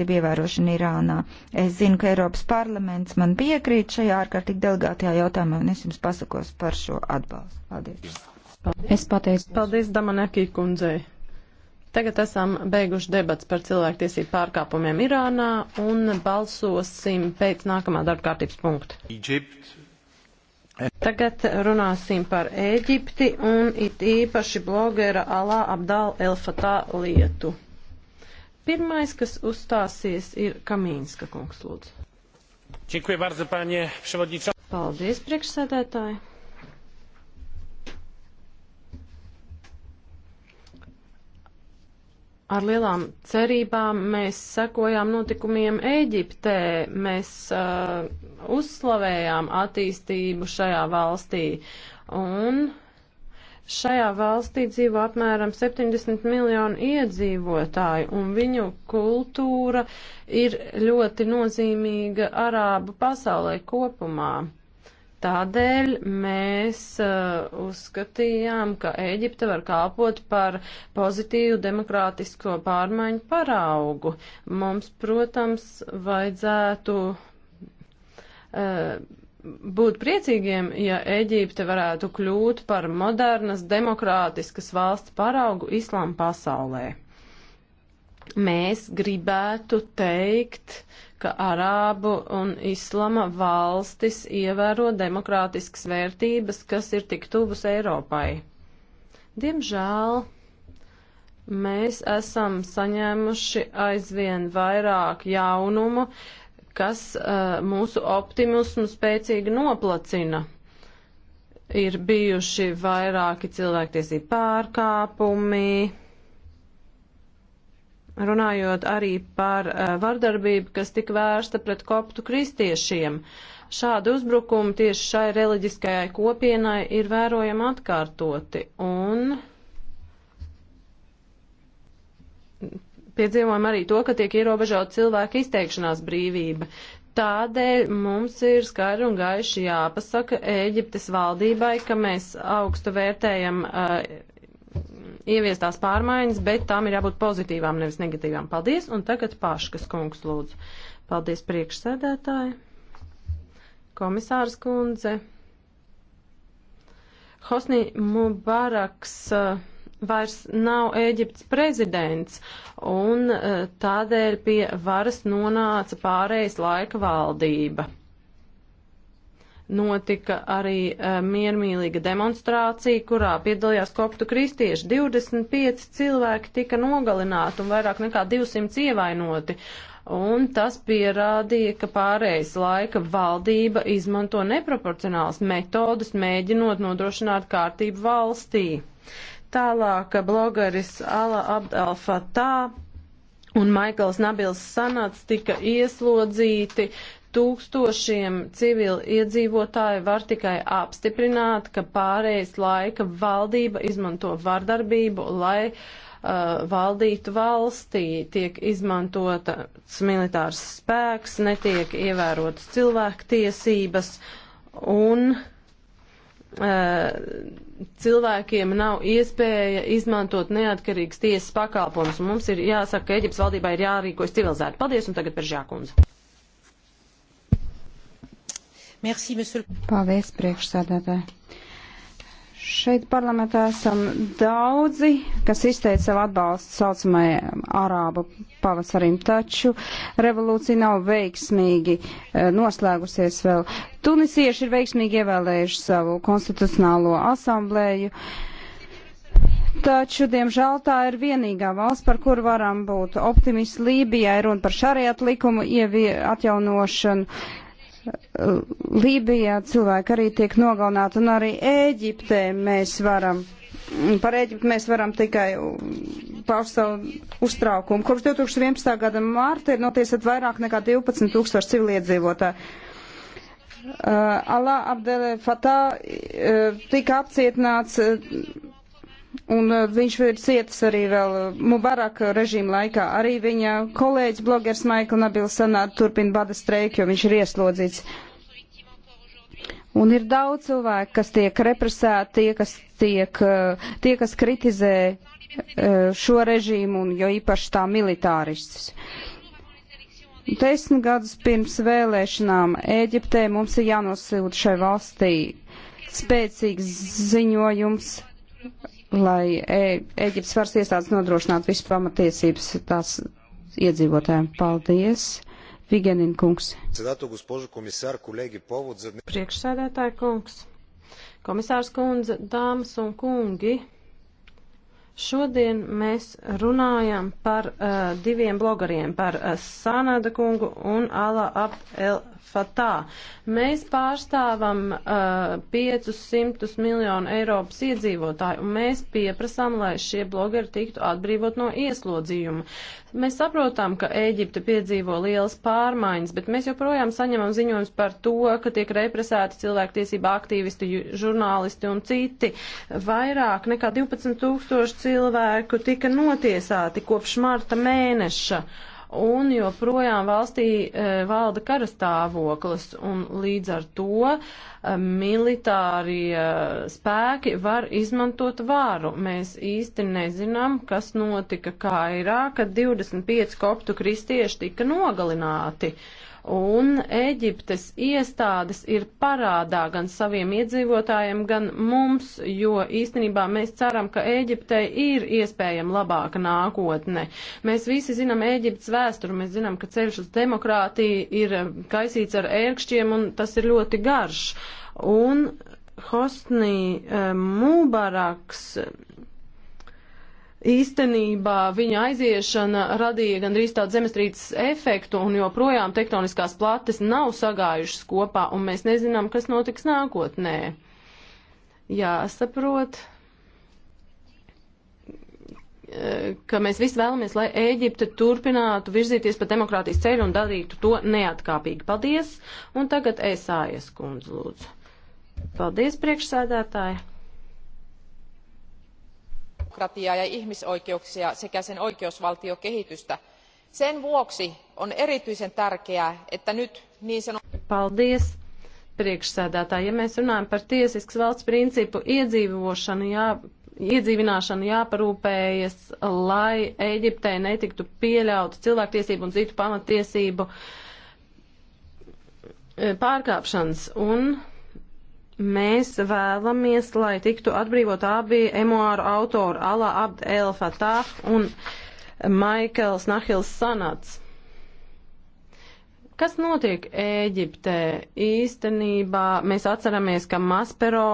cilvēktiesību ievērošanu Irānā. Es zinu, ka Eiropas parlaments man piekrīt šajā ārkārtīgi delegātajā jautājumā, un es jums pasakos par šo atbalstu. Paldies. Paldies. Es pateicu. Paldies, Damanekī kundzei. Tagad esam beiguši debats par cilvēktiesību pārkāpumiem Irānā un balsosim pēc nākamā darbkārtības punkta. Egypt. Tagad runāsim par Ēģipti un it īpaši blogera Alā Abdāla Elfatā lietu. Pirmais, kas uzstāsies, ir Kamīnska kungs, lūdzu. Bardzo, Paldies, priekšsēdētāji. ar lielām cerībām mēs sekojām notikumiem Ēģiptē, mēs uh, uzslavējām attīstību šajā valstī un Šajā valstī dzīvo apmēram 70 miljonu iedzīvotāju, un viņu kultūra ir ļoti nozīmīga arābu pasaulē kopumā. Tādēļ mēs uh, uzskatījām, ka Ēģipte var kalpot par pozitīvu demokrātisko pārmaiņu paraugu. Mums, protams, vajadzētu uh, būtu priecīgiem, ja Eģipte varētu kļūt par modernas, demokrātiskas valsts paraugu islāma pasaulē. Mēs gribētu teikt, ka arābu un islama valstis ievēro demokrātiskas vērtības, kas ir tik tuvas Eiropai. Diemžēl mēs esam saņēmuši aizvien vairāk jaunumu, uh, kas uh, mūsu optimismu spēcīgi noplacina. Ir bijuši vairāki cilvēktiesību pārkāpumi, runājot arī par uh, vardarbību, kas tika vērsta pret koptu kristiešiem. Šādi uzbrukumi tieši šai reliģiskajai kopienai ir vērojami atkārtoti, un piedzīvojam arī to, ka tiek ierobežota cilvēka izteikšanās brīvība. Tādēļ mums ir skaidri un gaiši jāpasaka Ēģiptes valdībai, ka mēs augstu vērtējam uh, ieviestās pārmaiņas, bet tām ir jābūt pozitīvām, nevis negatīvām. Paldies, un tagad Paškas kungs lūdzu. Paldies priekšsēdētāji, komisārs kundze. Hosni Mubaraks. Uh, vairs nav Ēģiptes prezidents, un eh, tādēļ pie varas nonāca pārējais laika valdība. Notika arī uh, miermīlīga demonstrācija, kurā piedalījās koptu kristieši. 25 cilvēki tika nogalināti un vairāk nekā 200 ievainoti. Un tas pierādīja, ka pārējais laika valdība izmanto neproporcionāls metodas, mēģinot nodrošināt kārtību valstī. Tālāk blogeris Ala Abd al-Fatā un Maikls Nabils Sanats tika ieslodzīti tūkstošiem civili iedzīvotāji var tikai apstiprināt, ka pārējais laika valdība izmanto vardarbību, lai uh, valdītu valstī, tiek izmantotas militārs spēks, netiek ievērotas cilvēktiesības un uh, Eh, cilvēkiem nav iespēja izmantot neatkarīgas tiesas pakalpojumus. Mums ir jāsaka, ka Eģiptes valdībā ir jārīkojas civilizēti. Paldies, un tagad par žākundzi. Merci, monsieur. Paldies, priekšsādātāji. Šeit parlamentā esam daudzi, kas izteica savu atbalstu saucamajai arābu pavasarim, taču revolūcija nav veiksmīgi eh, noslēgusies vēl. Tunisieši ir veiksmīgi ievēlējuši savu konstitucionālo asamblēju, taču, diemžēl, tā ir vienīgā valsts, par kuru varam būt optimisti Lībijai, runa par šariet likumu atjaunošanu Lībijā cilvēki arī tiek nogalināti, un arī Ēģiptē mēs varam, par Ēģiptu mēs varam tikai paust savu uztraukumu. Kopš 2011. gada mārta ir notiesat vairāk nekā 12 tūkstoši civiliedzīvotāji. Uh, Alā Abdele Fatā uh, tika apcietināts. Uh, un uh, viņš ir cietis arī vēl uh, Mubarak režīma laikā. Arī viņa kolēģis blogers Maikl Nabils Sanāda turpina bada streiku, jo viņš ir ieslodzīts. Un ir daudz cilvēku, kas tiek represēti, tie, kas, tiek, uh, tie, kas kritizē šo režīmu, un jo īpaši tā militāristus. Desmit gadus pirms vēlēšanām Ēģiptē mums ir jānosūta šai valstī spēcīgs ziņojums lai e, Eģiptes varas iestādes nodrošinātu visu pamatiesības tās iedzīvotājiem. Paldies! Vigenin kungs. Priekšsēdētāja kungs, komisārs kundze, dāmas un kungi. Šodien mēs runājam par uh, diviem blogeriem, par uh, Sanada kungu un Ala Ab El Fatā. Mēs pārstāvam uh, 500 miljonu Eiropas iedzīvotāju, un mēs pieprasām, lai šie blogeri tiktu atbrīvot no ieslodzījuma. Mēs saprotam, ka Ēģipte piedzīvo lielas pārmaiņas, bet mēs joprojām saņemam ziņojums par to, ka tiek represēti cilvēktiesība aktīvisti, žurnālisti un citi. Vairāk nekā 12 tūkstoši cilvēku tika notiesāti kopš marta mēneša. Uh, un joprojām valstī e, valda karastāvoklis, un līdz ar to e, militārie e, spēki var izmantot vāru. Mēs īsti nezinām, kas notika Kairā, kad 25 koptu kristieši tika nogalināti. Uh, un Eģiptes iestādes ir parādā gan saviem iedzīvotājiem, gan mums, jo īstenībā mēs ceram, ka Eģiptei ir iespējama labāka nākotne. Mēs visi zinām Eģiptes vēsturu, mēs zinām, ka ceļš uz demokrātiju ir kaisīts ar ērkšķiem un tas ir ļoti garš. Un Hosnī eh, Mubaraks Īstenībā viņa aiziešana radīja gandrīz tādu zemestrīces efektu, un joprojām tektoniskās plates nav sagājušas kopā, un mēs nezinām, kas notiks nākotnē. Jāsaprot, ka mēs visi vēlamies, lai Ēģipte turpinātu virzīties pa demokrātijas ceļu un darītu to neatkāpīgi. Paldies! Un tagad es āies kundze lūdzu. Paldies, priekšsēdētāji! demokratiaa ja ihmisoikeuksia sekä sen oikeusvaltiokehitystä. sen vuoksi on erityisen tärkeää että nyt niin sanottu. paldies priekšsēdētāji ja mēs runājam par tiesiskas valsts principu iedzīvošanu jā, iedzīvināšanu jāparūpējas, lai Eģiptē netiktu pieļauta cilvēktiesību un citu pamatiesību e, pārkāpšanas. Un mēs vēlamies, lai tiktu atbrīvot abi emuāru autori Alā Abd El Fatah un Maikls Nahils Sanats. Kas notiek Ēģiptē? Īstenībā mēs atceramies, ka Maspero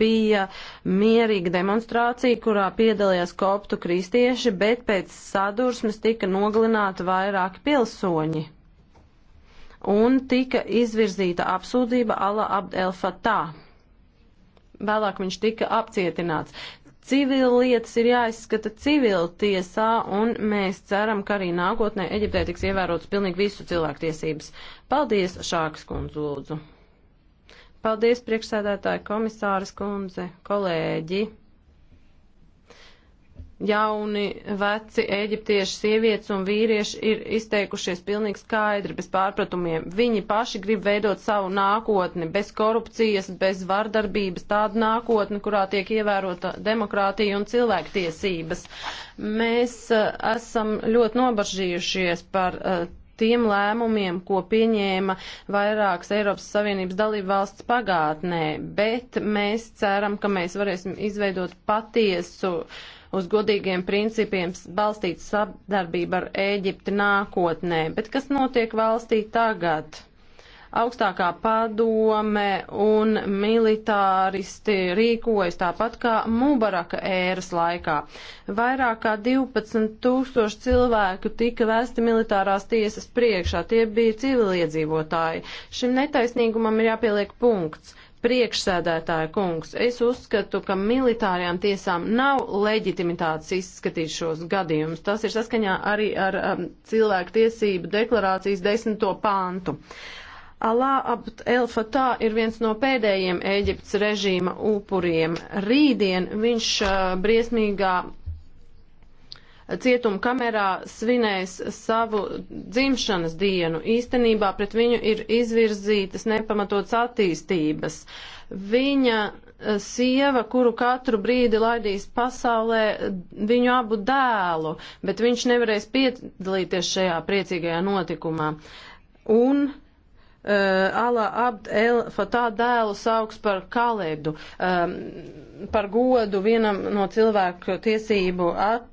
bija mierīga demonstrācija, kurā piedalījās koptu kristieši, bet pēc sadursmes tika nogalināti vairāki pilsoņi un tika izvirzīta apsūdzība Ala Abd el Fatah. Vēlāk viņš tika apcietināts. Civillietas ir jāizskata civil tiesā, un mēs ceram, ka arī nākotnē Eģiptē tiks ievērotas pilnīgi visu cilvēktiesības. Paldies, Šākas kundze, lūdzu. Paldies, priekšsēdētāji, komisāras kundze, kolēģi jauni, veci eģiptieši, sievietes un vīrieši ir izteikušies pilnīgi skaidri, bez pārpratumiem. Viņi paši grib veidot savu nākotni, bez korupcijas, bez vardarbības, tādu nākotni, kurā tiek ievērota demokrātija un cilvēktiesības. Mēs uh, esam ļoti nobažījušies par uh, tiem lēmumiem, ko pieņēma vairākas Eiropas Savienības dalību valsts pagātnē, bet mēs ceram, ka mēs varēsim izveidot patiesu uh, uz godīgiem principiem balstīt sadarbību ar Ēģipti nākotnē. Bet kas notiek valstī tagad? augstākā padome un militāristi rīkojas tāpat kā Mubaraka ēras laikā. Vairāk kā 12 tūkstoši cilvēku tika vēsti militārās tiesas priekšā, tie bija civiliedzīvotāji. Šim netaisnīgumam ir jāpieliek punkts. Priekšsēdētāja kungs, es uzskatu, ka militārajām tiesām nav leģitimitātes izskatīt šos gadījumus. Tas ir saskaņā arī ar um, cilvēku tiesību deklarācijas desmito pāntu. Alā Abd El Fatā ir viens no pēdējiem Ēģiptes režīma upuriem. Rītdien viņš uh, briesmīgā cietuma kamerā svinēs savu dzimšanas dienu. Īstenībā pret viņu ir izvirzītas nepamatots attīstības. Viņa eh, sieva, kuru katru brīdi laidīs pasaulē viņu abu dēlu, bet viņš nevarēs piedalīties šajā priecīgajā notikumā. Un uh, eh, Alā Abd El Fatā dēlu sauks par Kaledu, um, par godu vienam no cilvēku tiesību at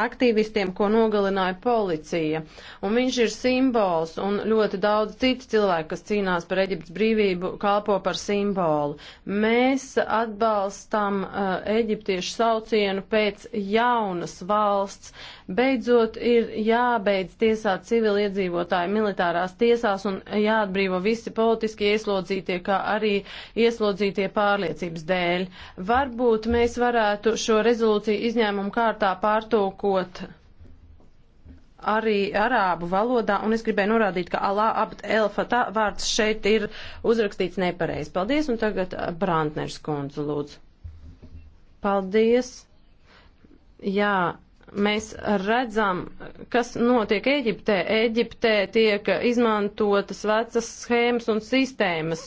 aktīvistiem, ko nogalināja policija. Un viņš ir simbols, un ļoti daudz citu cilvēku, kas cīnās par Eģiptes brīvību, kalpo par simbolu. Mēs atbalstam uh, eģiptiešu saucienu pēc jaunas valsts. Uh, Beidzot, ir jābeidz tiesāt civiliedzīvotāji militārās tiesās un jāatbrīvo visi politiski ieslodzītie, kā arī ieslodzītie pārliecības dēļ. Varbūt mēs varētu šo rezolūciju izņēmumu kārtā pārtūkot arī arābu valodā, un es gribēju norādīt, ka Alā Abd Elfata vārds šeit ir uzrakstīts nepareizi. Paldies, un tagad uh, Brantners kundze lūdzu. Paldies. Jā, mēs redzam, kas notiek Eģiptē. Eģiptē tiek izmantotas vecas schēmas un sistēmas,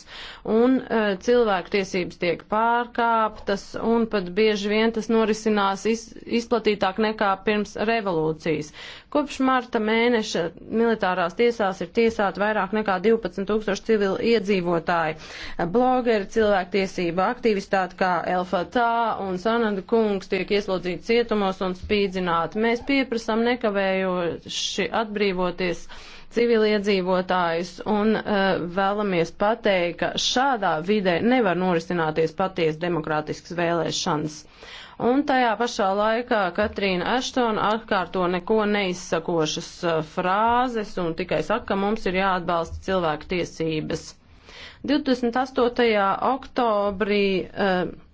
un uh, cilvēktiesības tiek pārkāptas, un pat bieži vien tas norisinās iz, izplatītāk nekā pirms revolūcijas. Kopš marta mēneša militārās tiesās ir tiesāti vairāk nekā 12 tūkstoši civili iedzīvotāji. Blogeri, cilvēktiesība aktivistāti kā Elfatā un Sanada kungs tiek ieslodzīti cietumos un spīdzināti. Mēs pieprasam nekavējoši atbrīvoties civiliedzīvotājus un uh, vēlamies pateikt, ka šādā vidē nevar norisināties paties demokrātisks vēlēšanas. Uh, Un tajā pašā laikā Katrīna Eštona atkārto neko neizsakošas uh, frāzes un tikai saka, ka mums ir jāatbalsta cilvēku tiesības. 28. oktobrī. Uh,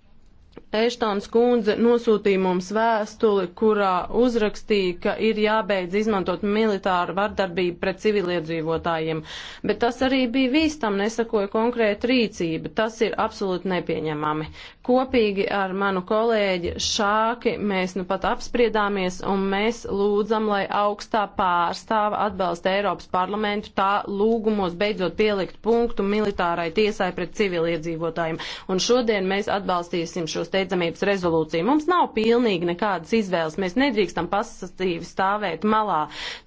Eštons kundze nosūtīja mums vēstuli, kurā uzrakstīja, ka ir jābeidz izmantot militāru vardarbību pret civiliedzīvotājiem, bet tas arī bija vīstam, nesakoja konkrēta rīcība. Tas ir absolūti nepieņemami. Kopīgi ar manu kolēģi Šāki mēs nu pat apspriedāmies un mēs lūdzam, lai augstā pārstāva atbalsta Eiropas parlamentu tā lūgumos beidzot pielikt punktu militārai tiesai pret civiliedzīvotājiem. Un šodien mēs atbalstīsim šos te steidzamības rezolūciju. Mums nav pilnīgi nekādas izvēles. Mēs nedrīkstam pasastīvi stāvēt malā.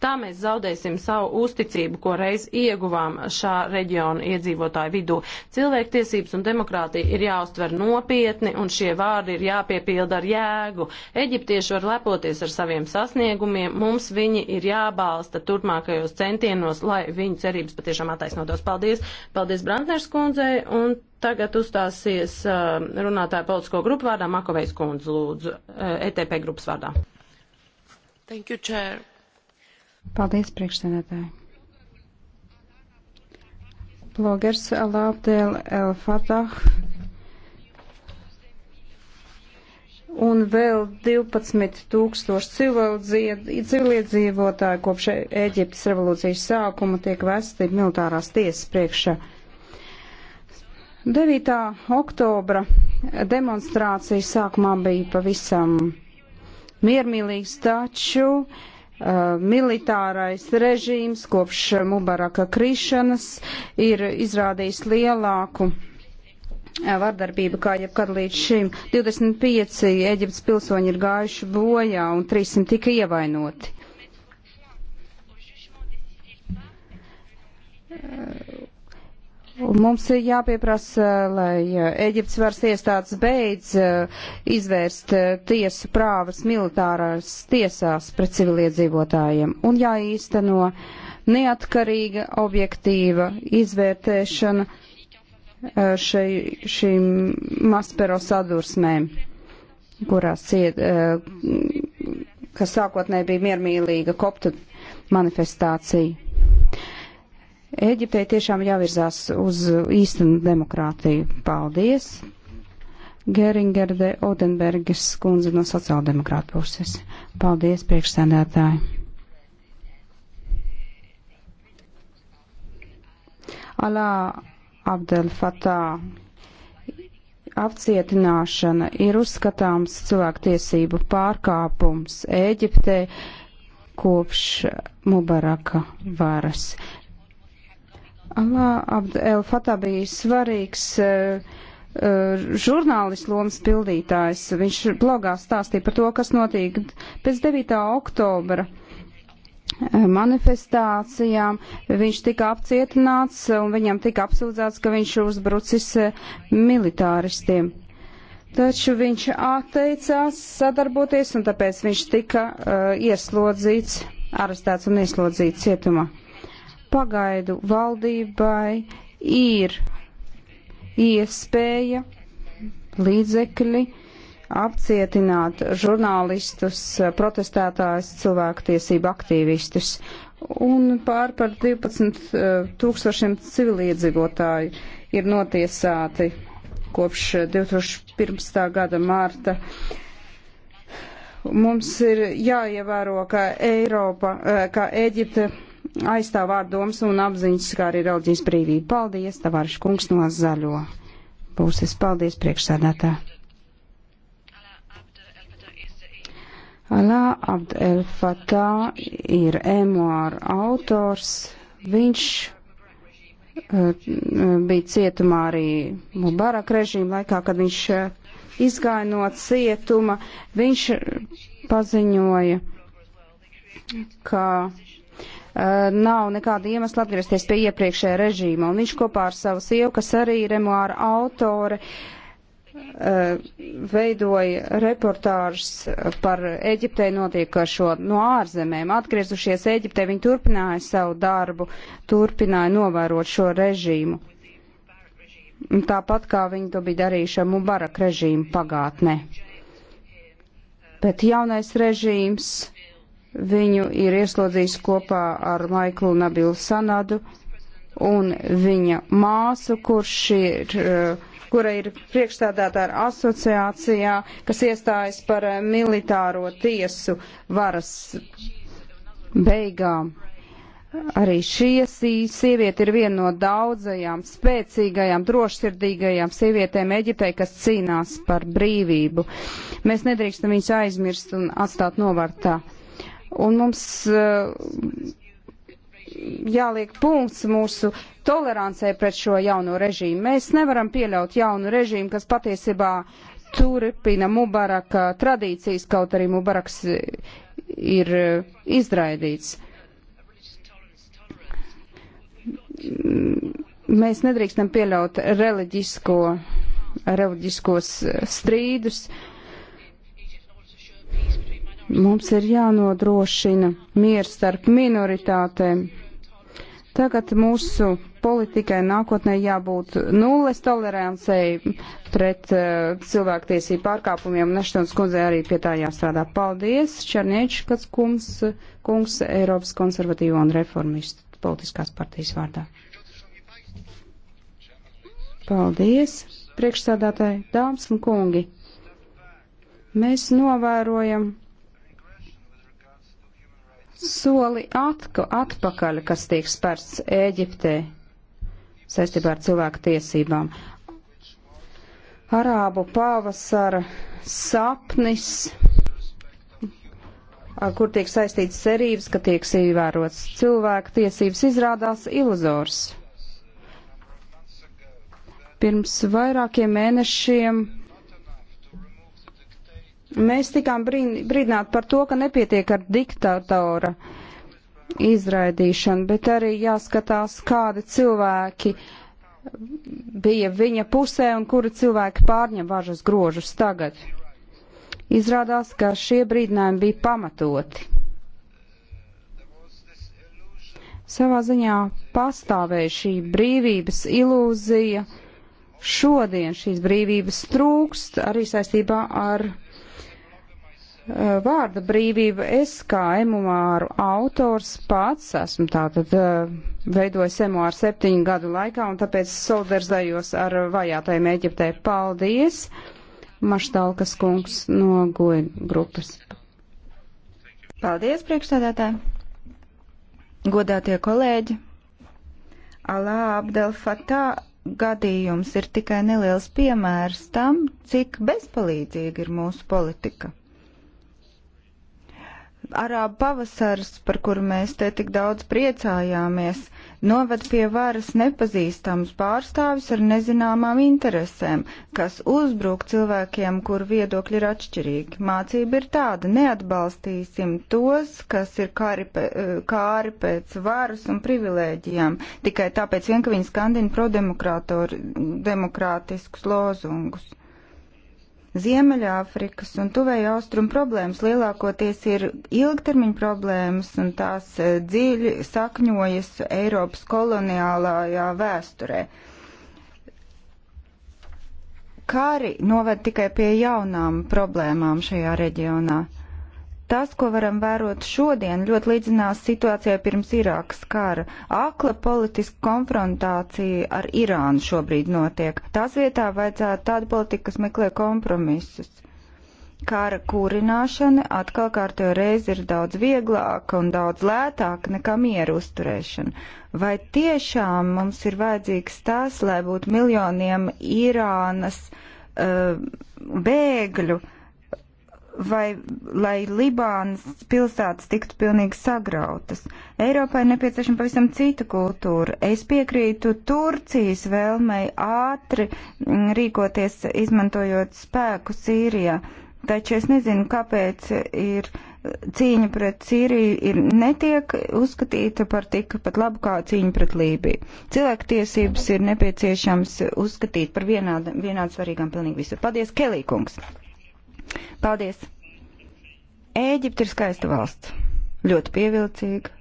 Tā mēs zaudēsim savu uzticību, ko reiz ieguvām šā reģiona iedzīvotāju vidū. Cilvēktiesības un demokrātija ir jāuztver nopietni, un šie vārdi ir jāpiepilda ar jēgu. Eģiptieši var lepoties ar saviem sasniegumiem. Mums viņi ir jābalsta turpmākajos centienos, lai viņu cerības patiešām attaisnotos. Paldies! Paldies Brantners kundzei! Un Tagad uzstāsies uh, runātāja politisko grupu vārdā Makovejs kundze, lūdzu, uh, ETP grupas vārdā. Thank you, chair. Paldies, priekšsēdētāji. Blogers Alabdel El Fatah un vēl 12 tūkstoši civiliedzīvotāji kopš Ēģiptes revolūcijas sākuma tiek vesti militārās tiesas priekšā. 9. oktobra demonstrācijas sākumā bija pavisam miermīlīgs, taču uh, militārais režīms kopš Mubaraka krišanas ir izrādījis lielāku uh, vardarbība kā jebkad līdz šim. 25 Eģiptes pilsoņi ir gājuši bojā un 300 tika ievainoti. Uh, Un mums ir jāpieprasa, lai eh, Eģiptes varas iestādes beidz eh, izvērst eh, tiesu prāvas militārās tiesās pret civiliedzīvotājiem un jāīsteno neatkarīga objektīva izvērtēšana šai, šīm maspero sadursmēm, kurās ciet, kas sākotnēji bija miermīlīga kopta manifestācija. Eģiptei tiešām jāvirzās uz īstenu demokrātiju. Paldies! Geringerde Odenberges kundze no sociāldemokrāta puses. Paldies, priekšsēdētāji! Alā Abdel Fatā apcietināšana ir uzskatāms cilvēktiesību pārkāpums Ēģiptē kopš Mubaraka varas. Alā Abd El Fatah bija svarīgs uh, žurnālists lomas pildītājs. Viņš blogā stāstīja par to, kas notiek pēc 9. oktobra eh, manifestācijām. Viņš tika apcietināts un viņam tika apsūdzēts, ka viņš uzbrucis militāristiem. Taču viņš atteicās sadarboties un tāpēc viņš tika uh, ieslodzīts, arestēts un ieslodzīts cietumā pagaidu valdībai ir iespēja līdzekļi apcietināt žurnālistus, protestētājus, cilvēktiesību aktīvistus un pār par 12 eh, tūkstošiem civiliedzīvotāju ir notiesāti kopš 2015. gada mārta. Mums ir jāievēro, ka Eiropa, eh, ka Eģipte aizstāv vārdoms un apziņas, kā arī reliģijas brīvību. Paldies, Tavārš kungs no zaļo puses. Paldies, priekšsēdētā. Alā Abd El Fatā ir emuāra autors. Viņš eh, bija cietumā arī Mubarak režīma laikā, kad viņš eh, izgāja no cietuma. Viņš eh, paziņoja, ka Eh, nav nekāda iemesla atgriezties pie iepriekšējā režīma. Un viņš kopā ar savu sievu, kas arī ir memoāra autore, eh, veidoja reportāžas par Eģiptei notiekošo no ārzemēm. Atgriezušies Eģiptē, viņi turpināja savu darbu, turpināja novērot šo režīmu. Tāpat kā viņi to bija darījuši ar Mubarak režīmu pagātnē. Bet jaunais režīms Viņu ir ieslodzījis kopā ar Maiklu Nabilu Sanadu un viņa māsu, kurš ir, eh, kura ir priekšstādātāja asociācijā, kas iestājas par eh, militāro tiesu varas beigām. Arī šī sieviete ir viena no daudzajām spēcīgajām, drošsirdīgajām sievietēm Eģiptei, kas cīnās par brīvību. Mēs nedrīkstam viņus aizmirst un atstāt novārtā un mums eh, jāliek punkts mūsu tolerancē pret šo jauno režīmu. Mēs nevaram pieļaut jaunu režīmu, kas patiesībā turpina Mubaraka tradīcijas, kaut arī Mubaraks ir eh, izraidīts. Mēs nedrīkstam pieļaut reliģisko, reliģiskos eh, strīdus. Uh, Mums ir jānodrošina miers starp minoritātēm. Tagad mūsu politikai nākotnē jābūt nulles tolerancei pret uh, cilvēktiesību pārkāpumiem. Neštons kundzei arī pie tā jāstrādā. Paldies, Černiečkas kungs, kungs Eiropas konservatīvo un reformistu politiskās partijas vārdā. Paldies, priekšsādātāji, dāmas un kungi. Mēs novērojam soli atko, atpakaļ, kas tiek spērts Ēģiptē saistībā ar cilvēku tiesībām. Arābu pavasara sapnis, ar kur tiek saistīts cerības, ka tiek ievērots cilvēku tiesības, izrādās iluzors. Pirms vairākiem mēnešiem Mēs tikām brīdināti par to, ka nepietiek ar diktatora izraidīšanu, bet arī jāskatās, kādi cilvēki bija viņa pusē un kuri cilvēki pārņem važas grožus tagad. Izrādās, ka šie brīdinājumi bija pamatoti. Savā ziņā pastāvēja šī brīvības ilūzija. Šodien šīs brīvības trūkst arī saistībā ar Eh, vārda brīvība. Es kā emuāru autors pats esmu tātad eh, veidojis emuāru septiņu gadu laikā un tāpēc solidarizējos ar vajātajiem Eģiptē. Paldies! Maštalkas kungs no goja grupas. Paldies, priekšstādātāji! Godātie kolēģi! Alā Abdel Fatah gadījums ir tikai neliels piemērs tam, cik bezpalīdzīga ir mūsu politika. Arābu pavasars, par kuru mēs te tik daudz priecājāmies, noved pie varas nepazīstams pārstāvis ar nezināmām interesēm, kas uzbruk cilvēkiem, kur viedokļi ir atšķirīgi. Mācība ir tāda, neatbalstīsim tos, kas ir kāri, pē, kāri pēc varas un privilēģijām, tikai tāpēc vien, ka viņi skandina prodemokrātiskus lozungus. Ziemeļāfrikas un tuvēja austrumu problēmas lielākoties ir ilgtermiņa problēmas un tās eh, dziļi sakņojas Eiropas koloniālajā vēsturē. Kāri noved tikai pie jaunām problēmām šajā reģionā. Tas, ko varam vērot šodien, ļoti līdzinās situācijai pirms Irākas kara. Akla politiska konfrontācija ar Irānu šobrīd notiek. Tās vietā vajadzētu tādu politiku, kas meklē kompromisus. Kara kūrināšana atkal kārtējo reizi ir daudz vieglāka un daudz lētāka nekā mieru uzturēšana. Vai tiešām mums ir vajadzīgs tas, lai būtu miljoniem Irānas uh, bēgļu? Uh, vai lai Libānas pilsētas tiktu pilnīgi sagrautas. Eiropai nepieciešama pavisam cita kultūra. Es piekrītu Turcijas vēlmei ātri mm, rīkoties, izmantojot spēku Sīrijā. Taču es nezinu, kāpēc ir cīņa pret Sīriju ir netiek uzskatīta par tik pat labu kā cīņa pret Lībiju. Cilvēktiesības ir nepieciešams uzskatīt par vienādi, vienādi svarīgām pilnīgi visur. Paldies, Kelīkungs! Paldies! Ēģipte ir skaista valsts. Ļoti pievilcīga,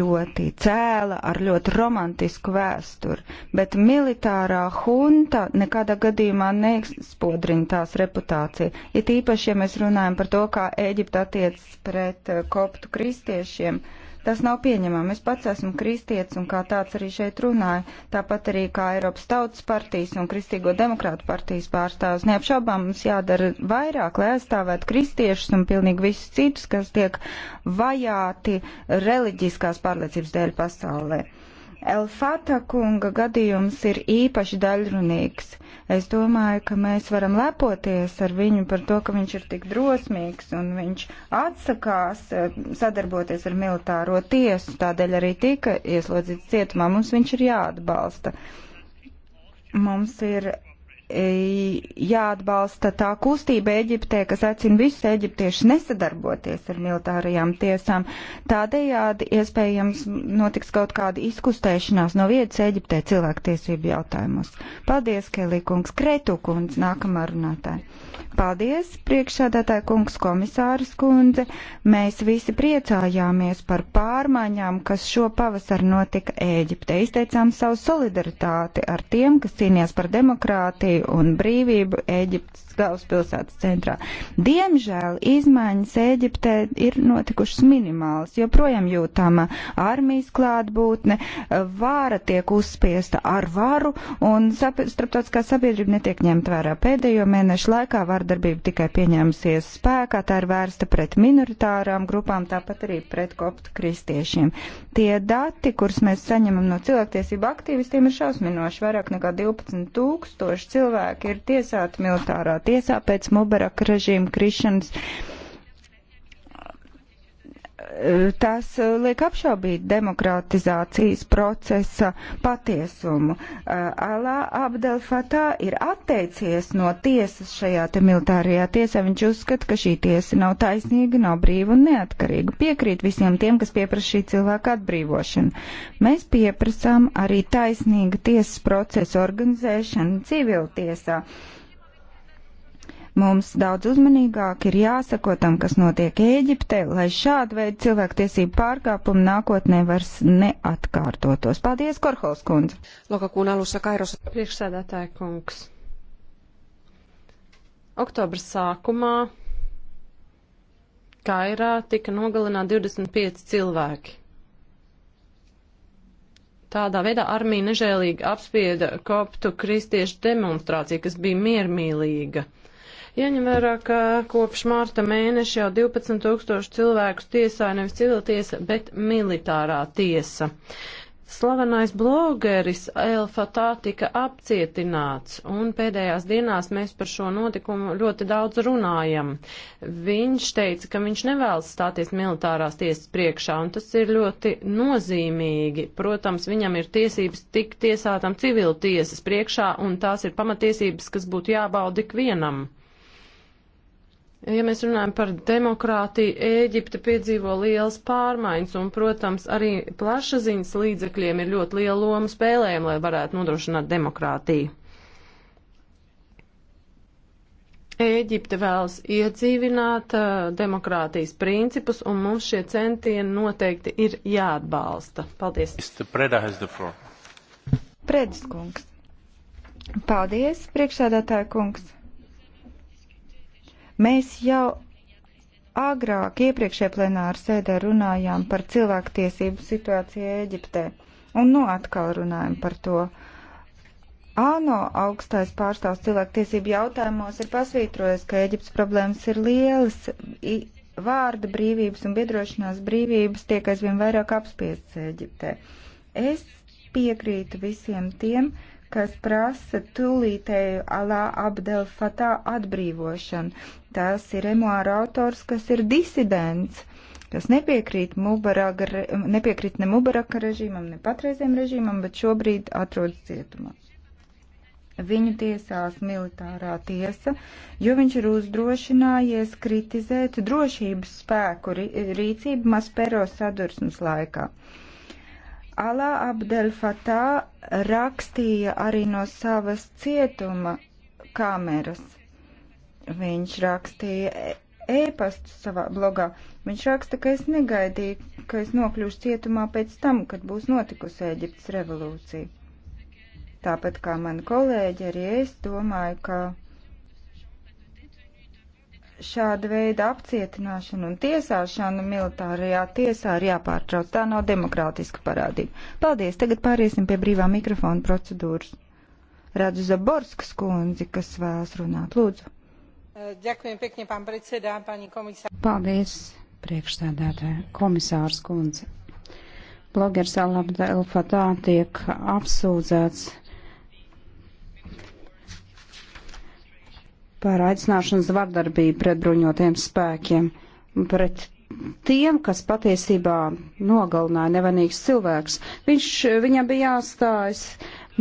ļoti cēla, ar ļoti romantisku vēsturi, bet militārā hunta nekādā gadījumā neizpodrina tās reputāciju. It īpaši, ja mēs runājam par to, kā Ēģipte attiecas pret eh, koptu kristiešiem. Uh, Tas nav pieņemami. Es pats esmu kristietis un kā tāds arī šeit runāju. Tāpat arī kā Eiropas Tautas partijas un Kristīgo demokrātu partijas pārstāvs. Neapšaubām mums jādara vairāk, lai aizstāvētu kristiešus un pilnīgi visus citus, kas tiek vajāti reliģiskās pārliecības dēļ pasaulē. Elfata kunga gadījums ir īpaši daļrunīgs. Es domāju, ka mēs varam lepoties ar viņu par to, ka viņš ir tik drosmīgs un viņš atsakās eh, sadarboties ar militāro tiesu, tādēļ arī tika ieslodzīts cietumā. Mums viņš ir jāatbalsta. Mums ir jāatbalsta tā kustība Eģiptē, kas aicina visus eģiptiešus nesadarboties ar militārajām tiesām. Tādējādi iespējams notiks kaut kāda izkustēšanās no vietas Eģiptē cilvēktiesību jautājumos. Paldies, Kelī kungs, Kretu kungs, nākamā runātāja. Paldies, priekšsādātāja kungs, komisāras kundze. Mēs visi priecājāmies par pārmaiņām, kas šo pavasaru notika Ēģipte. Izteicām savu solidaritāti ar tiem, kas cīnījās par demokrātiju un brīvību Ēģiptes galvaspilsētas centrā. Diemžēl izmaiņas Ēģiptē ir notikušas minimālas, joprojām jūtama armijas klātbūtne, vāra tiek uzspiesta ar varu un starptautiskā sabiedrība netiek ņemta vērā. Pēdējo mēnešu laikā var vārdarbība tikai pieņēmusies spēkā, tā ir vērsta pret minoritārām grupām, tāpat arī pret koptu kristiešiem. Tie dati, kurus mēs saņemam no cilvēktiesību aktīvistiem, ir šausminoši. Vairāk nekā 12 tūkstoši cilvēki ir tiesāti militārā tiesā pēc Mubaraka režīma krišanas. Uh, tas eh, liek apšaubīt demokratizācijas procesa patiesumu. Eh, Alā Abdel Fatā ir atteicies no tiesas šajā te militārajā tiesā. Viņš uzskata, ka šī tiesa nav taisnīga, nav brīva un neatkarīga. Piekrīt visiem tiem, kas pieprasa šī cilvēka atbrīvošanu. Mēs pieprasām arī taisnīgu tiesas procesu organizēšanu civiltiesā. tiesā Mums daudz uzmanīgāk ir jāsako tam, kas notiek Ēģipte, lai šāda veida cilvēktiesību pārkāpumi nākotnē vairs neatkārtotos. Paldies, Korhols kundze! Lokakuun alussa Kairos priekšsēdētāja kungs. Oktobra sākumā Kairā tika nogalināti 25 cilvēki. Tādā veidā armija nežēlīgi apspieda koptu kristiešu demonstrāciju, kas bija miermīlīga. Jaņem vērā, ka kopš mārta mēneša jau 12 tūkstoši cilvēkus tiesāja nevis civiltiesa, bet militārā tiesa. Slavenais blogeris Elfatā tika apcietināts, un pēdējās dienās mēs par šo notikumu ļoti daudz runājam. Viņš teica, ka viņš nevēlas stāties militārās tiesas priekšā, un tas ir ļoti nozīmīgi. Protams, viņam ir tiesības tik tiesātam civil tiesas priekšā, un tās ir pamatiesības, kas būtu jābauda ikvienam. Ja mēs runājam par demokrātiju, Ēģipte piedzīvo lielas pārmaiņas, un, protams, arī plašsaziņas līdzekļiem ir ļoti liela loma spēlējama, lai varētu nodrošināt demokrātiju. Ēģipte vēlas iedzīvināt uh, demokrātijas principus, un mums šie centieni noteikti ir jāatbalsta. Paldies! Predis kungs. Paldies, priekšsēdētāja kungs. Mēs jau agrāk iepriekšējā plenāra sēdē runājām par cilvēktiesību situāciju Ēģiptē. Un nu atkal runājam par to. ANO augstais pārstāvs cilvēktiesību jautājumos ir pasvītrojis, ka Eģiptes problēmas ir lielas, vārda brīvības un biedrošanās brīvības tiek aizvien vairāk apspiestas Eģiptē. Es piekrītu visiem tiem, kas prasa tūlītēju Alā Abdel Fatā atbrīvošanu. Tas ir emuāra autors, kas ir disidents, kas nepiekrīt, Mubaraka, nepiekrīt ne Mubaraka režīmam, ne patreiziem režīmam, bet šobrīd atrodas cietumā. Viņu tiesās militārā tiesa, jo viņš ir uzdrošinājies kritizēt drošības spēku rīcību Maspero sadursmes laikā. Uh, Alā Abdel Fatā rakstīja arī no savas cietuma kameras. Viņš rakstīja ēpastu e savā blogā. Viņš raksta, ka es negaidīju, ka es nokļūšu cietumā pēc tam, kad būs notikusi Eģiptes revolūcija. Tāpat kā mani kolēģi, arī es domāju, ka šāda veida apcietināšana un tiesāšana militārajā tiesā ir jāpārtrauc. Tā nav demokrātiska parādība. Paldies! Tagad pāriesim pie brīvā mikrofona procedūras. Redzu Zaborskas kundzi, kas vēlas runāt. Lūdzu! Ďakujem pekne, pán predsedā, pani komisār. Paldies, priekšstādātāja komisārs kundze. Blogers Alabda Elfatā tiek apsūdzēts par aicināšanas vardarbību pret bruņotiem spēkiem, pret tiem, kas patiesībā nogalināja nevainīgs cilvēks. Viņš, viņam bija jāstājas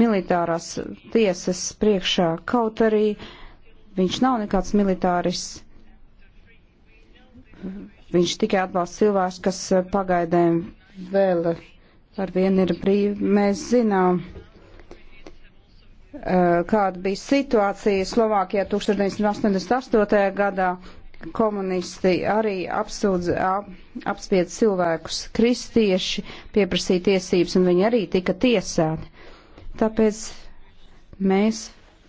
militārās tiesas priekšā, kaut arī viņš nav nekāds militāris. Viņš tikai atbalsta cilvēks, kas pagaidēm vēl ar vienu ir brīvi. Mēs zinām Eh, kāda bija situācija Slovākijā 1988. gadā. Komunisti arī apsūdz, ap, apspied cilvēkus, kristieši pieprasīja tiesības, un viņi arī tika tiesāti. Tāpēc mēs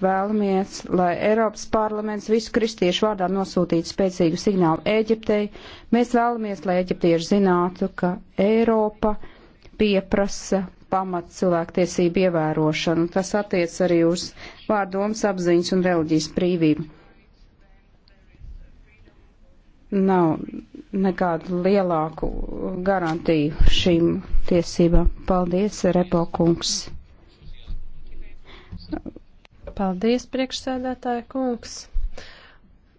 vēlamies, lai Eiropas parlaments visu kristiešu vārdā nosūtītu spēcīgu signālu Ēģiptei. Mēs vēlamies, lai eģiptieši zinātu, ka Eiropa pieprasa pamat cilvēktiesību ievērošanu. Tas attiec arī uz vārdomas apziņas un reliģijas brīvību. Nav nekādu lielāku garantiju šīm tiesībām. Paldies, Repo kungs. Paldies, priekšsēdētāja kungs.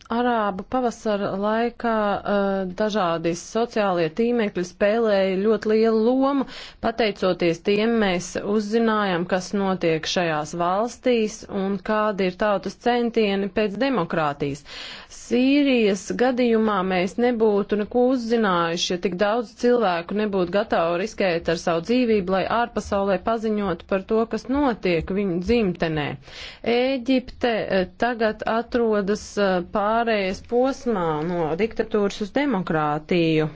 Arābu pavasara laikā uh, dažādi sociālie tīmekļi spēlēja ļoti lielu lomu. Pateicoties tiem, mēs uzzinājām, kas notiek šajās valstīs un kādi ir tautas centieni pēc demokrātijas. Sīrijas gadījumā mēs nebūtu neko uzzinājuši, ja tik daudz cilvēku nebūtu gatavi riskēt ar savu dzīvību, lai ārpasaulē paziņotu par to, kas notiek viņu dzimtenē. Ēģipte eh, tagad atrodas eh, pār pārējais posmā no diktatūras uz demokrātiju.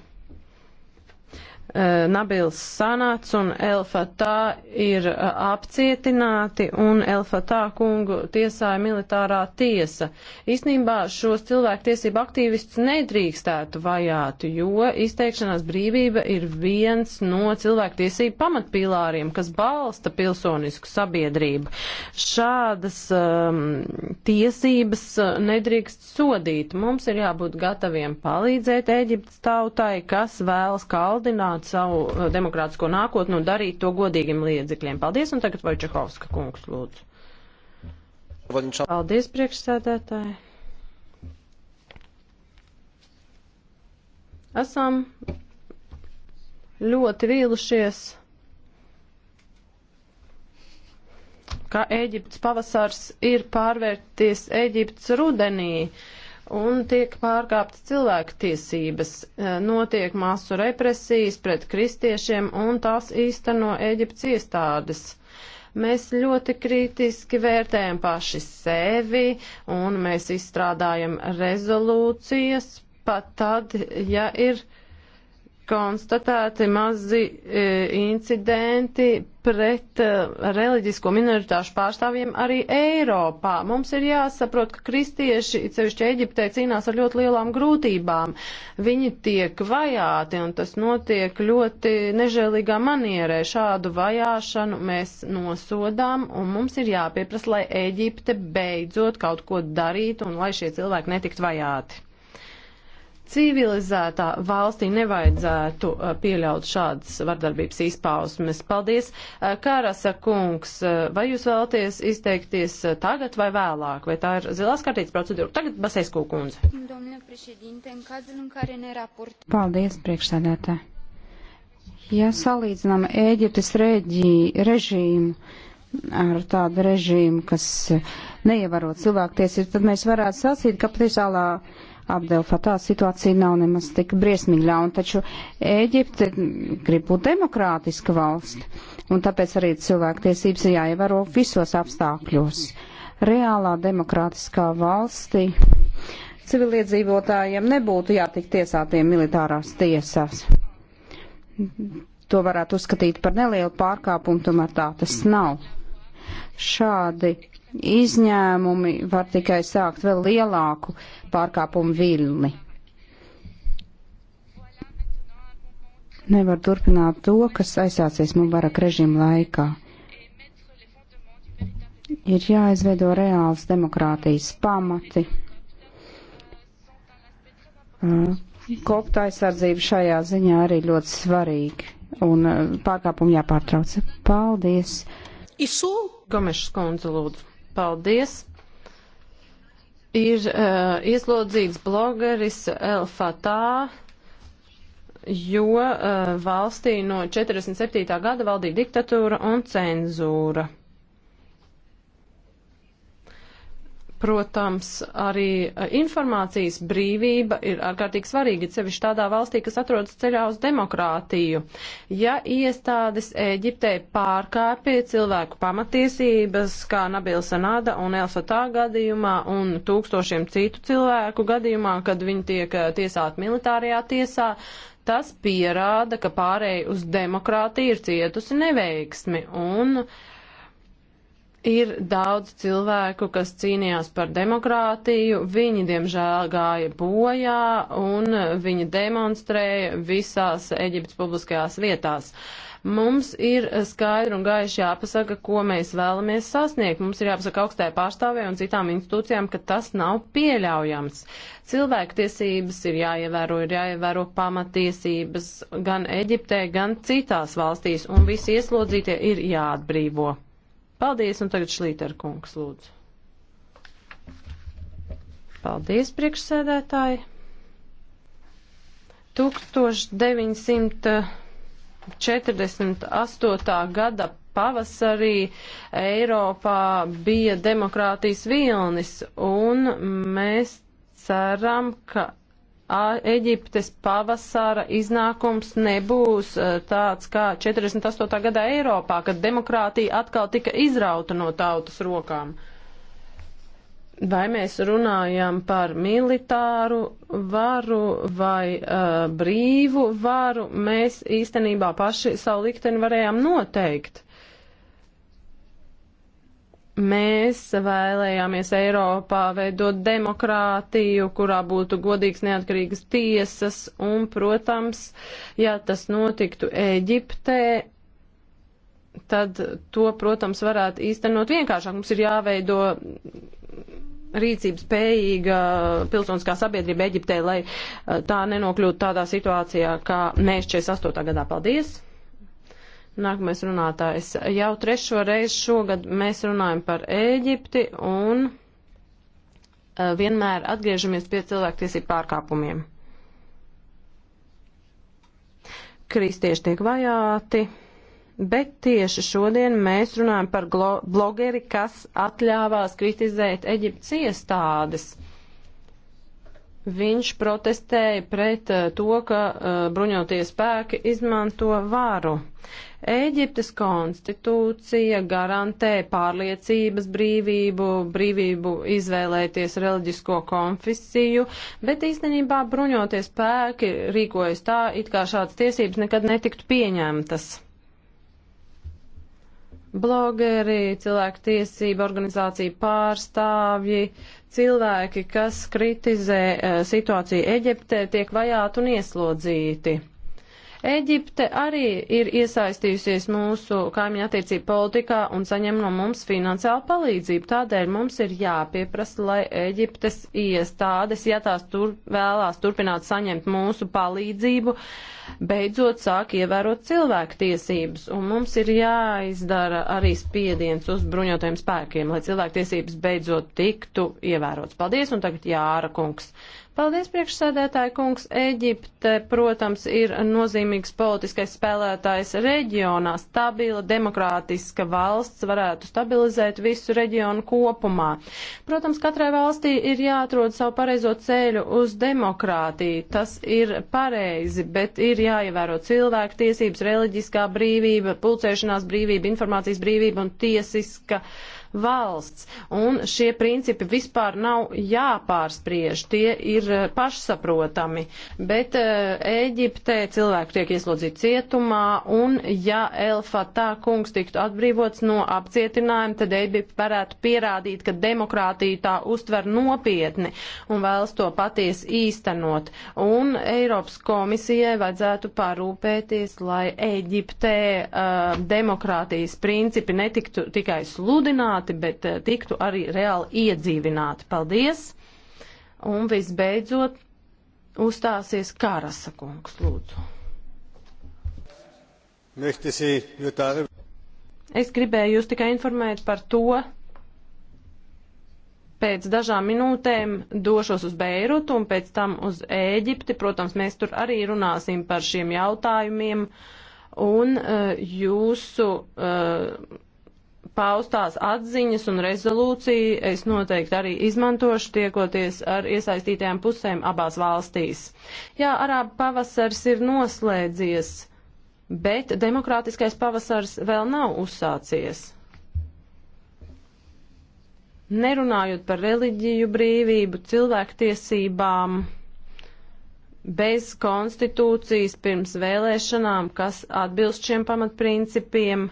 Eh, Nabils Sanāts un Elfatā ir eh, apcietināti un Elfatā kungu tiesāja militārā tiesa. Īsnībā šos cilvēktiesību aktīvistus nedrīkstētu vajāt, jo izteikšanās brīvība ir viens no cilvēktiesību pamatpilāriem, kas balsta pilsonisku sabiedrību. Šādas um, tiesības eh, nedrīkst sodīt. Mums ir jābūt gataviem palīdzēt Eģiptes tautai, kas vēlas kaldināt plānot savu eh, demokrātisko nākotnu un darīt to godīgiem liedzekļiem. Paldies, un tagad Vojčakovska kungs lūdzu. Paldies, priekšsēdētāji. Esam ļoti vīlušies, ka Eģiptes pavasars ir pārvērties Eģiptes rudenī. Uh, un tiek pārkāptas cilvēku tiesības, e, notiek masu represijas pret kristiešiem un tās īsteno Eģiptes iestādes. Mēs ļoti kritiski vērtējam paši sevi un mēs izstrādājam rezolūcijas pat tad, ja ir uh, konstatēti mazi e, incidenti pret e, reliģisko minoritāšu pārstāvjiem arī Eiropā. Mums ir jāsaprot, ka kristieši, cevišķi Eģiptē, cīnās ar ļoti lielām grūtībām. Viņi tiek vajāti, un tas notiek ļoti nežēlīgā manierē. Šādu vajāšanu mēs nosodām, un mums ir jāpieprasa, lai Eģipte beidzot kaut ko darītu, un lai šie cilvēki netikt vajāti. Civilizētā valstī nevajadzētu uh, pieļaut šādas vardarbības izpausmes. Paldies, uh, Kārasa kungs. Uh, vai jūs vēlaties izteikties tagad vai vēlāk? Vai tā ir zilās kartītes procedūra? Tagad basēs kūkundze. Paldies, priekšsēdētāji. Ja salīdzinām Ēģiptes reģī, režīmu, ar tādu režīmu, kas neievaro cilvēktiesības, tad mēs varētu sacīt, ka patiesībā Abdelfatā situācija nav nemaz tik briesmīgi ļauna, taču Ēģipte grib būt demokrātiska valsts, un tāpēc arī cilvēktiesības ir jāievēro visos apstākļos. Reālā demokrātiskā valstī civiliedzīvotājiem nebūtu jātiek tiesātiem militārās tiesās. To varētu uzskatīt par nelielu pārkāpumu, tomēr tā tas nav. Šādi izņēmumi var tikai sākt vēl lielāku pārkāpumu vilni. Nevar turpināt to, kas aizsācies Mubarak režīmu laikā. Ir jāizveido reāls demokrātijas pamati. Kopta aizsardzība šajā ziņā arī ļoti svarīga un pārkāpumu jāpārtrauc. Paldies! Isu Gomešs kundze lūdzu. Paldies! Ir uh, ieslodzīts blogeris El Fatā, jo uh, valstī no 47. gada valdīja diktatūra un cenzūra. Protams, arī eh, informācijas brīvība ir ārkārtīgi svarīga, sevišķi tādā valstī, kas atrodas ceļā uz demokrātiju. Ja iestādes Eģiptē pārkāpja cilvēku pamatiesības, kā Nabila Sanāda un Elsatā gadījumā un tūkstošiem citu cilvēku gadījumā, kad viņi tiek eh, tiesāti militārajā tiesā, tas pierāda, ka pārēj uz demokrātiju ir cietusi neveiksmi. Un, uh, Ir daudz cilvēku, kas cīnījās par demokrātiju, viņi diemžēl gāja bojā un viņi demonstrēja visās Eģiptes publiskajās vietās. Mums ir skaidri un gaiši jāpasaka, ko mēs vēlamies sasniegt. Mums ir jāpasaka augstai pārstāvē un citām institūcijām, ka tas nav pieļaujams. Cilvēktiesības ir jāievēro, ir jāievēro pamatiesības gan Eģiptē, gan citās valstīs, un visi ieslodzītie ir jāatbrīvo. Paldies, un tagad Šlīter kungs lūdzu. Paldies, priekšsēdētāji. 1948. gada pavasarī Eiropā bija demokrātijas vilnis, un mēs ceram, ka Eģiptes pavasara iznākums nebūs e, tāds kā 48. gadā Eiropā, kad demokrātija atkal tika izrauta no tautas rokām. Vai mēs runājam par militāru varu vai uh, brīvu varu, mēs īstenībā paši savu likteni varējām noteikt. Mēs vēlējāmies Eiropā veidot demokrātiju, kurā būtu godīgs neatkarīgas tiesas, un, protams, ja tas notiktu Eģiptē, tad to, protams, varētu īstenot vienkāršāk. Mums ir jāveido rīcības spējīga pilsoniskā sabiedrība Eģiptē, lai uh, tā nenokļūtu tādā situācijā, kā mēs 48. gadā. Paldies! Nākamais runātājs. Jau trešo reizi šogad mēs runājam par Ēģipti un e, vienmēr atgriežamies pie cilvēktiesību pārkāpumiem. Kristieši tiek vajāti, bet tieši šodien mēs runājam par blogeri, kas atļāvās kritizēt Eģiptes iestādes. Viņš protestēja pret e, to, ka e, bruņoties spēki izmanto varu. Uh, Ēģiptes konstitūcija garantē pārliecības brīvību, brīvību izvēlēties reliģisko konfesiju, bet īstenībā bruņoties spēki rīkojas tā, it kā šādas tiesības nekad netiktu pieņemtas blogeri, cilvēku tiesība organizācija pārstāvji, cilvēki, kas kritizē eh, situāciju Eģiptē, tiek vajāti un ieslodzīti. Eģipte arī ir iesaistījusies mūsu kaimiņu attiecību politikā un saņem no mums finansiālu palīdzību. Tādēļ mums ir jāpieprasa, lai Eģiptes iestādes, ja tās tur, vēlās turpināt saņemt mūsu palīdzību, beidzot sāk ievērot cilvēktiesības. Un mums ir jāizdara arī spiediens uz bruņotajiem spēkiem, lai cilvēktiesības beidzot tiktu ievērots. Paldies, un tagad Jāra kungs. Paldies, priekšsēdētāji kungs. Eģipte, protams, ir nozīmīgs politiskais spēlētājs reģionā. Stabila, demokrātiska valsts varētu stabilizēt visu reģionu kopumā. Protams, katrai valstī ir jāatrod savu pareizo ceļu uz demokrātiju. Tas ir pareizi, bet ir jāievēro cilvēku tiesības, reliģiskā brīvība, pulcēšanās brīvība, informācijas brīvība un tiesiska. Uh, valsts. Un šie principi vispār nav jāpārspriež, tie ir eh, pašsaprotami. Bet eh, Ēģiptē cilvēki tiek ieslodzīti cietumā, un ja Elfatā kungs tiktu atbrīvots no apcietinājuma, tad Ēģipte varētu pierādīt, ka demokrātija tā uztver nopietni un vēlas to patiesi īstenot. Un Eiropas komisijai vajadzētu parūpēties, lai Ēģiptē uh, demokrātijas principi netiktu tikai sludināti, runāti, bet eh, tiktu arī reāli iedzīvināti. Paldies! Un visbeidzot, uzstāsies Kārasa kungs, lūdzu. Es gribēju jūs tikai informēt par to, pēc dažām minūtēm došos uz Beirutu un pēc tam uz Ēģipti. Protams, mēs tur arī runāsim par šiem jautājumiem. Un uh, jūsu uh, paustās atziņas un rezolūciju es noteikti arī izmantošu, tiekoties ar iesaistītajām pusēm abās valstīs. Jā, arāba pavasars ir noslēdzies, bet demokrātiskais pavasars vēl nav uzsācies. Nerunājot par reliģiju brīvību, cilvēktiesībām bez konstitūcijas pirms vēlēšanām, kas atbilst šiem pamatprincipiem,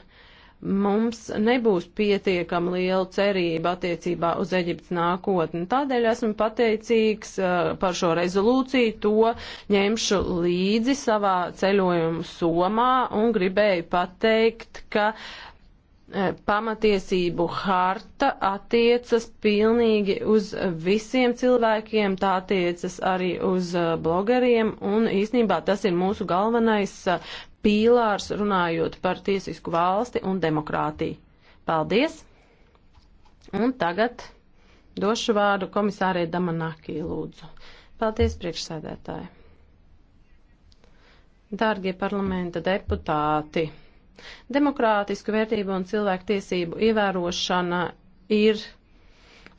mums nebūs pietiekama liela cerība attiecībā uz Eģiptes nākotni. Tādēļ esmu pateicīgs uh, par šo rezolūciju, to ņemšu līdzi savā ceļojumu somā un gribēju pateikt, ka uh, pamatiesību harta attiecas pilnīgi uz visiem cilvēkiem, tā attiecas arī uz uh, blogeriem, un īsnībā tas ir mūsu galvenais pīlārs runājot par tiesisku valsti un demokrātiju. Paldies! Un tagad došu vārdu komisārē Damanakī lūdzu. Paldies, priekšsēdētāji! Dārgie parlamenta deputāti! Demokrātisku vērtību un cilvēku tiesību ievērošana ir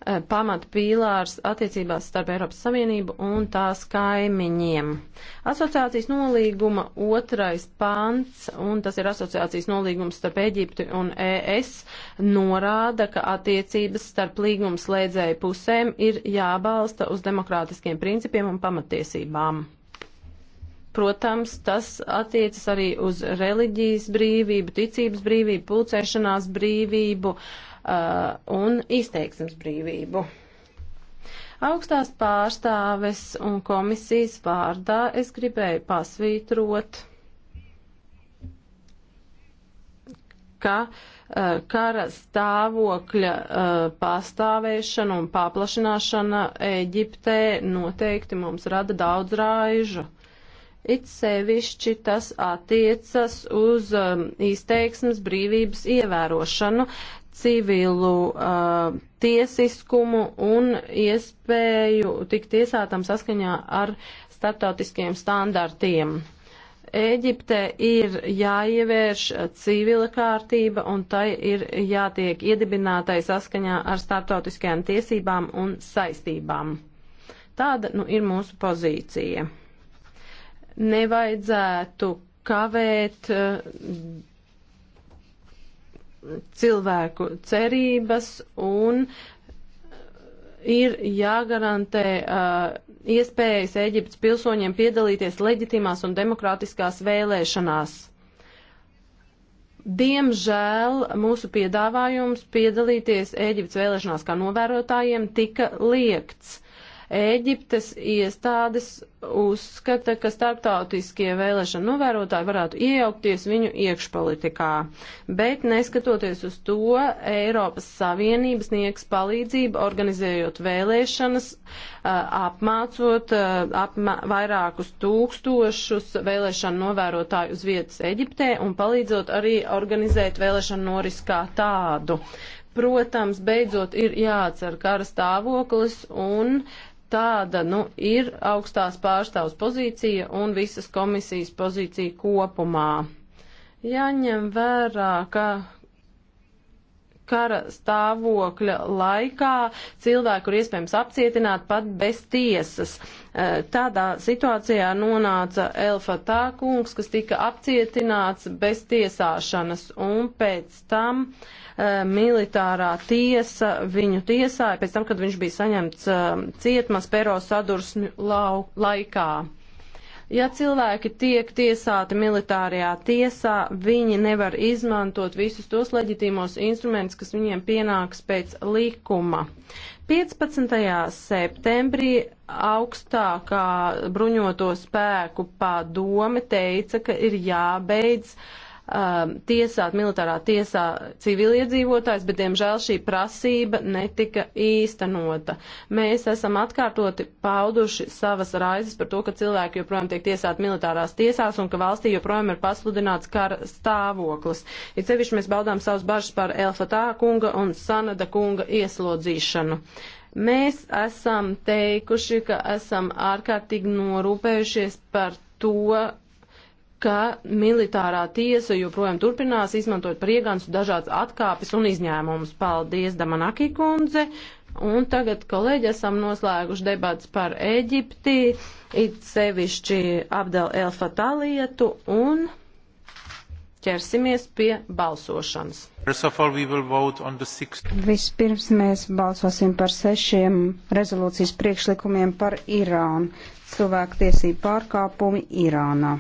Eh, pamata pīlārs attiecībās starp Eiropas Savienību un tās kaimiņiem. Asociācijas nolīguma otrais pants, un tas ir asociācijas nolīgums starp Eģipti un ES, norāda, ka attiecības starp līgums slēdzēju pusēm ir jābalsta uz demokrātiskiem principiem un pamatiesībām. Protams, tas attiecas arī uz reliģijas brīvību, ticības brīvību, pulcēšanās brīvību, uh, Uh, un izteiksmes brīvību. Augstās pārstāves un komisijas vārdā es gribēju pasvītrot, ka uh, kara stāvokļa uh, pastāvēšana un paplašināšana Eģiptē noteikti mums rada daudz rāžu. It sevišķi tas attiecas uz um, izteiksmes brīvības ievērošanu, civilu uh, tiesiskumu un iespēju tikt tiesātam saskaņā ar starptautiskiem standartiem. Ēģipte ir jāievērš civila kārtība un tai ir jātiek iedibinātai saskaņā ar starptautiskajām tiesībām un saistībām. Tāda nu, ir mūsu pozīcija. Nevajadzētu kavēt uh, cilvēku cerības un ir jāgarantē uh, iespējas Eģiptes pilsoņiem piedalīties leģitimās un demokrātiskās vēlēšanās. Diemžēl mūsu piedāvājums piedalīties Eģiptes vēlēšanās kā novērotājiem tika liekts. Uh, Ēģiptes iestādes uzskata, ka starptautiskie vēlēšana novērotāji varētu iejaukties viņu iekšpolitikā. Bet neskatoties uz to, Eiropas Savienības sniegs palīdzību organizējot vēlēšanas, apmācot apmā, vairākus tūkstošus vēlēšana novērotāju uz vietas Eģiptē un palīdzot arī organizēt vēlēšanu noris kā tādu protams, beidzot ir jāatcer kara stāvoklis un uh, tāda nu, ir augstās pārstāvs pozīcija un visas komisijas pozīcija kopumā. Jāņem vērā, ka kara stāvokļa laikā cilvēku ir iespējams apcietināt pat bez tiesas. E, tādā situācijā nonāca Elfa Tākungs, kas tika apcietināts bez tiesāšanas un pēc tam uh, Eh, militārā tiesa viņu tiesāja pēc tam, kad viņš bija saņemts eh, cietumā spēro sadursmi lau, laikā. Ja cilvēki tiek tiesāti militārajā tiesā, viņi nevar izmantot visus tos leģitīmos instrumentus, kas viņiem pienāks pēc likuma. 15. septembrī augstākā bruņoto spēku padome teica, ka ir jābeidz uh, um, tiesāt militārā tiesā civiliedzīvotājs, bet diemžēl šī prasība netika īstenota. Mēs esam atkārtoti pauduši savas raizes par to, ka cilvēki joprojām tiek tiesāti militārās tiesās un ka valstī joprojām ir pasludināts kara stāvoklis. Ir sevišķi mēs baudām savus bažas par Elfatā kunga un Sanada kunga ieslodzīšanu. Mēs esam teikuši, ka esam ārkārtīgi norūpējušies par to, ka militārā tiesa joprojām turpinās izmantot priegans dažādas atkāpes un izņēmumus. Paldies, Damanaki kundze! Un tagad, kolēģi, esam noslēguši debats par Eģipti, it sevišķi Abdel Elfata lietu un ķersimies pie balsošanas. Vispirms mēs balsosim par sešiem rezolūcijas priekšlikumiem par Irānu, cilvēku tiesību pārkāpumi Irānā.